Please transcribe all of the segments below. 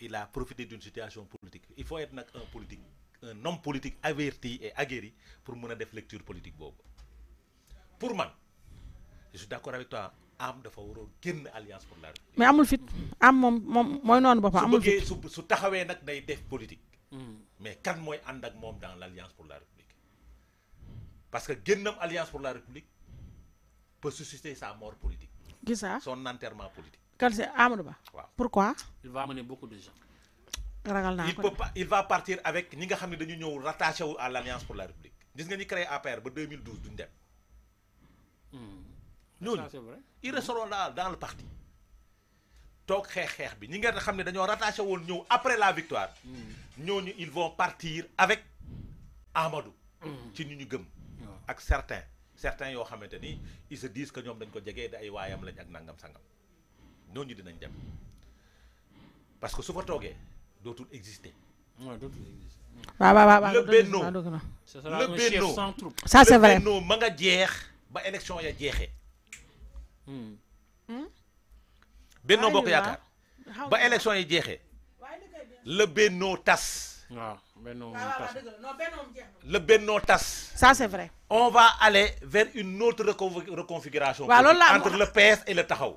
il a profité d'une situation politique il faut être un politique un homme politique averti et aguerri pour mener des lectures lecture politique pour moi, je suis d'accord avec toi am dafa waroo une alliance pour la République. mais amul fit am amul fit su politique. Hmm. mais kan moy andak mom dans l'alliance pour la République parce que génnam alliance pour la République peut susciter sa mort politique. ça? son enterrement politique c'est Amadou Ba. pourquoi. il va amener beaucoup de gens. il peut pas il va partir avec ñi nga xam ne dañu rattaché à l'Alliance pour la république gis nga ñi créé APR ba 2012 duñ dem. Non. Hmm. ils resteront là dans le parti. Donc, xeex xeex bi ñi nga rattaché woon ñëw après la victoire. Hmm. ñooñu ils vont partir avec Amadou. Hmm. ci ñu ñu Avec ak certains certains yoo xamante ils se disent que nous dañ ko jege da ay waayam lañ ak nangam sangam ñooñu dinañ dem parce que ce fa toogee dootul exister. exister. le Benno le Benno ça c'est vrai le Benno ma nga jeex ba élection ya jeexee. Hmm. Hmm? Benno Bokk Yaakaar ah, ba élection yi jeexee le Benno tas. le Benno tas. ça c'est vrai. on va aller vers une autre reconfiguration. entre le PS et le Taxaw.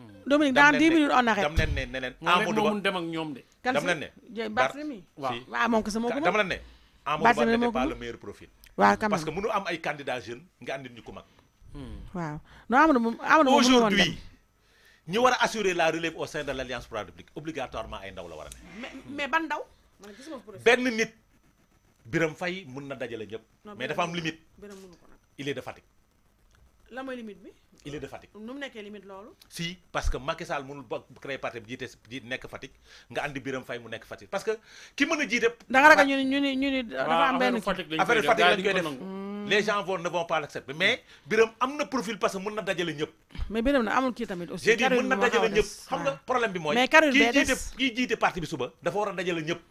Dominique dans dix minutes on arrête. dam leen ne ñoom de. dam leen ne Barthélemy waaw waaw moom kese moo ko mën dam leen le meilleur profil. waaw quand même parce que mënu am ay candidat jeune nga andil ñu ko mag. Hmm. waaw non Amadou moom Amadou moom aujourd'hui ñu war a assurer la relève au sein de l'alliance pour la République obligatoirement ay ndaw la war a ne. mais mais ban ndaw. benn nit. Birame Faye mun na dajale ñëpp. mais dafa am limite. il est de Fatick. la mooy limite bi. il est de Fatick. nu mu nekkee limite loolu. si parce que Macky Sall mënul ba créé parti bi jiite jiite nekk Fatick nga andi Birame Faye mu nekk Fatick parce que ki mën a jiite. da nga ragal ñu ni ñu ni ñu ni ah, dafa am benn affaire Fatick koy def hmm. les gens vont ne vont pas l'accepter mais Birame am na profil parce que mën na dajale ñëpp. mais Birame na amul kii tamit aussi. mën na dajale ñëpp xam nga problème bi mooy. mais kii jiite kii jiite parti suba a dajale ñëpp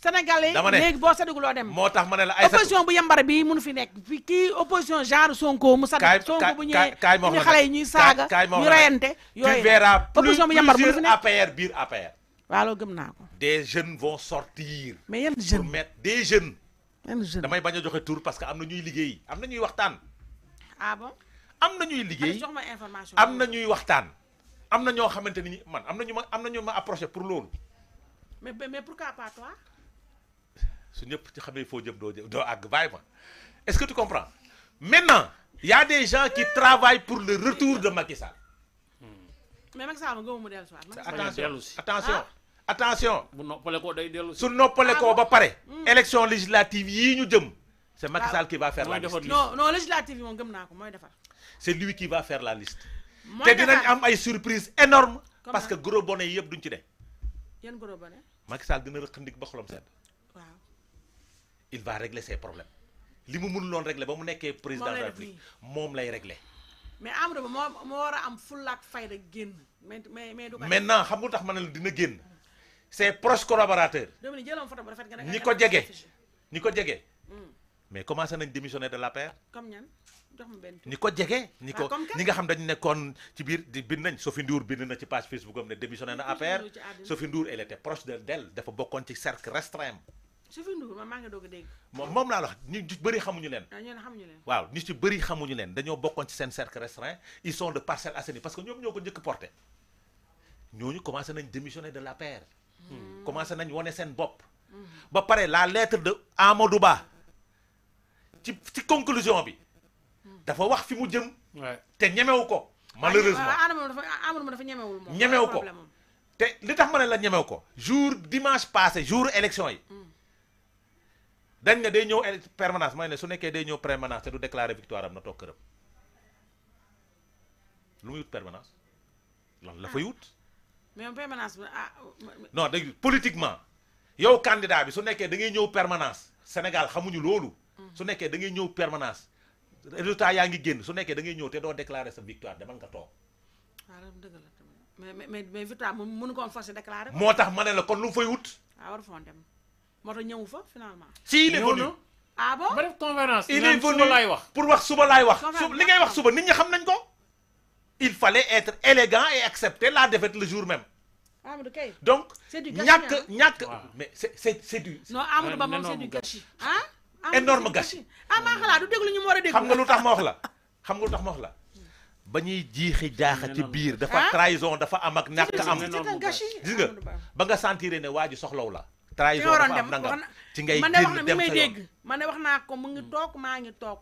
Sénégal yi léegi boo Sénégal loo dem moo tax ma ne la ay opposition bu yambara bi mënu fi nekk fi kii opposition genre Sonko mu sadd Sonko bu ñëwee kaay moo ñu xale yi ñuy saaga ñu reyante yooyu tu verras opposition bu yambara mënu fi nekk APR biir APR waaw loolu gëm naa ko des jeunes vont sortir mais yan jeune pour mettre des jeunes yan jeune damay bañ a joxe tour parce que am na ñuy liggéey am na ñuy waxtaan ah bon am na ñuy liggéey jox ma information am na ñuy waxtaan am na ñoo xamante ni man am na ñu ma am na ñu ma approché pour loolu mais mais pourquoi pas toi su ñëpp ci xamee foo jëm doo jëm doo est-ce que tu comprends maintenant il y a des gens qui travaillent pour le retour de Macky Sall. Hmm. mais Macky Sall gëmu mu modèle attention ah. attention attention. bu noppale koo day dellu su ah hmm. élection législative yii ñu jëm. c'est Macky ah. Sall qui va faire la liste non non législative on moom gëm naa c'est lui qui va faire la liste. Il y am ay surprise énorme parce que gros bonnet yëpp duñ ci ne. yan gros bonnet. Macky Sall il y a ba gros bonnet il va régler ses problèmes li mu mënul régler ba mu nekkee président de la République moom lay régler. mais Amadou mo moo moo war a am fullaak fayda génn mais mais du ko maintenant xam nga tax ma la dina genn. ses proches collaborateurs. Dominique jëloon photo bu rafet nga ñi ko jege ñi ko jege. mais commencé nañ démissionner de la paire. comme ñan jox ma benn ñi ko jege. ñi ko ah, ñi nga xam dañu nekkoon ci bir di bind nañ Sophie Ndour bind na ci page Facebook am ne démissionné na APR. Sophie Ndour elle était proche de d'elle dafa bokkoon ci cercle restreint. Youssou Ndour man maa ngi doog a dégg. moom moom laa la wax ñu bëri ah, xamuñu leen. waaw ñu ci bëri xamuñu len dañoo bokkon ci sen cercle restreint ils sont de Parcelles Assainies parce que ñom ñoko ko njëkk porté ñooñu commencé nañ démissionner de la paire hmm. commencé nañ woné sen bop hmm. ba paré la lettre de Amadou Ba ci ci conclusion bi. Hmm. dafa wax fi mu jëm. te ñemewu ko. malheureusement ah, Amadou dafa ñemewu ko. ñemewu ko te li tax ma la ñemewu ko jour dimanche passé jour élection yi. dañ ne day ñëw permanence ma ne su nekkee day ñëw permanence te du déclarer victoire am na toog këram lu muy wut permanence lan la fay ah. wut. mais permanence ah. non dégg politiquement yow candidat bi su nekkee da ngay ñëw permanence Sénégal xamuñu loolu. Mm. su nekkee da ñëw permanence résultat yaa ngi génn su nekkee da ngay ñëw te doo déclarer sa victoire demal nga toog. waaw ah, dëgg la mais mais mais victoire moom mënu ko am force déclarer. moo tax ma ne la kon lu mu fay wut. waaw ah, war foo dem. moo tax ñëwu fa finalement. si il est venu ah bon Bref, def conférence. il est venu laay pour wax suba laay wax. li ngay wax suba nit ñi xam nañ ko. il fallait être élégant et accepter la défaite le jour même. Ah, Amadou Kay donc ñàkk hein? ñàkk mais c'est c'est c'est du. non Amadou Ba moom c'est du gâchis. Hein énorme gâchis. ah maa xalaat du déglu ñu mu war a déglu. xam nga lu tax ma wax la xam nga lu tax wax la. ba ñuy jiixi ci biir. dafa hein? trahison dafa am ak ñàkk am. gis nga ba nga sentiré né waji soxlaw la. trahison dafa am nangam ci ngay génn dem sa yoon man ne wax naa ko mu ngi toog maa ngi toog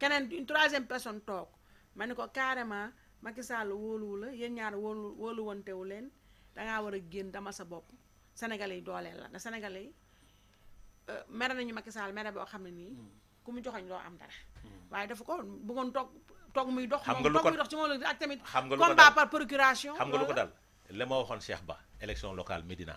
keneen une troisième personne toog ma ne ko carrément Macky Sall wóoluwu la yéen ñaar wóolu wóolu wantewu leen dangaa war a génn dama sa bopp sénégalais yi dooleel la ndax sénégalais yi euh, mere nañu Macky Sall mere boo xam ne nii ku mu joxoñ loo am dara waaye dafa ko bëggoon toog toog muy dox xam nga lu ko dox ci ak tamit combat par procuration xam nga lu ko dal la ma waxoon Cheikh Ba élection local Médina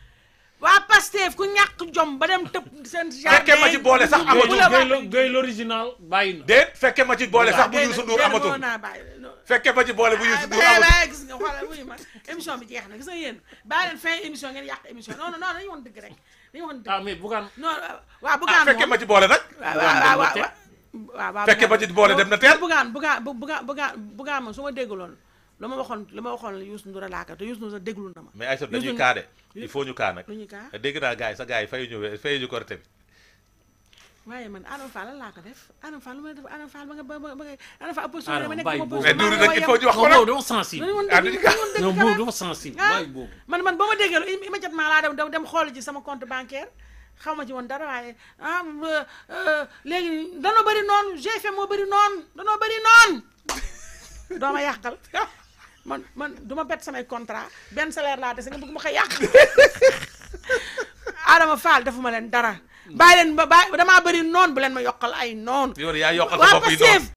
waa Pastef ku ñàkk jom ba dem tëb seen. jardin fekkee ma ci boole sax amatul gay l'original bàyyi na. déet fekkee ma ci boole sax bu Youssou Ndour amatul fekkee ma ci boole bu Youssou Ndour amatul. waaw gis nga xoolal wuyu ma émission bi jeex na gis nga yéen bàyyi leen fin émission ngeen yàq émission non non non dañu woon dëgg rek dañu woon dëgg. ah mais Bougane. non waaw Bougane moom fekkee ma ci boole nag. waaw waaw waaw fekkee ma ci boole dem na teel. Bougane Bougane Bougane Bougane moom su ma dégguloon la ma waxoon la ma waxoon Youssou Ndour laa ka te Youssou Ndour déglu na ma. mais Aïssatou dañuy kaa de il faut ñu kaa nag. lu ñuy kaa dégg naa gars yi sa gars yi fayuñu fayuñu korite bi. waaye man Adama Fall lan laa ko def Adama Fall lu ma def Adama Fall ba nga ba ba nga Adama Fall opposition ma nekk ma opposition mais nag il faut ñu wax ko nag dafa sensible dafa sensible waay ah, boobu man man ba ma déggee lu immédiatement laa dem dem xool ji sama compte bancaire xaw ma ci woon dara waaye ah euh, euh, léegi danoo bëri noonu GFM moo bëri noonu danoo bëri noonu dooma yàqal man man du ma bett samay contrat benn salaire laa dese nga bëgg ma ko yàq Adama Fall defu ma leen dara. bàyyi leen ba bàyyi damaa bëri noon bu leen ma yokkal ay noon. yow yaa yokkal sa bopp yi noonu